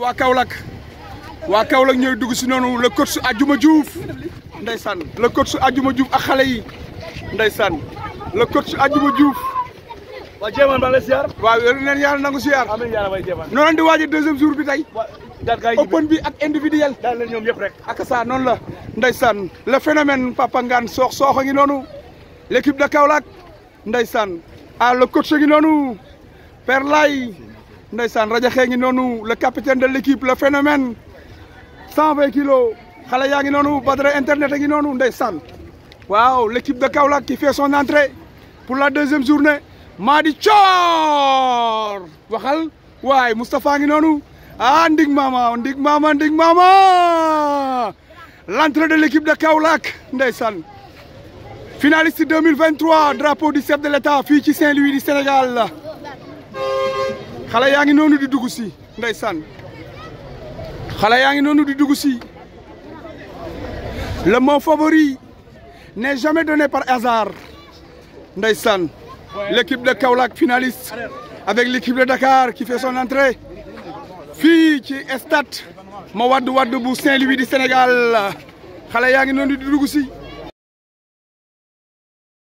waa Kaolack waa Kaolack ñooy dugg si noonu le coach Adjuma Diouf ndeysaan le coach Adjuma Diouf ak xale yi ndeysaan le coach Adjuma Diouf waa jéemaan ba la siyaar waaw neen yàlla nangu siyaar amiin yàlla may jéemaan noonu di waaje deuxième jour bi tey open bi ak individuel daal leen ñoom yëpp rek ak saa noonu la ndeysaan le phénomène Papa Ngane soox soox a ngi noonu l' de Kaolack ndeysaan ah le coach a ngi noonu Père ndaysan Raja ngi nonu, le capitaine de l'équipe le phénomène 120 vingt kilos xale yaa ngi internet ngi nonu ndaysan waaw l'équipe de Kaolack qui fait son entrée pour la deuxième journée Madi chor waxal way mustapha ngi nonu ah ndig mama ndig mama ndig mama l'entrée de l'équipe de kaoulak ndaysan finaliste 2023 drapeau du chef de l'État fii ci Saint-Louis du Sénégal nonu di le mot favori n'est jamais donné par hasard l'équipe de Kaolack finaliste avec l'équipe de Dakar qui fait son entrée fille ci stade ma waddu Saint-Louis du Sénégal mot favori nonu di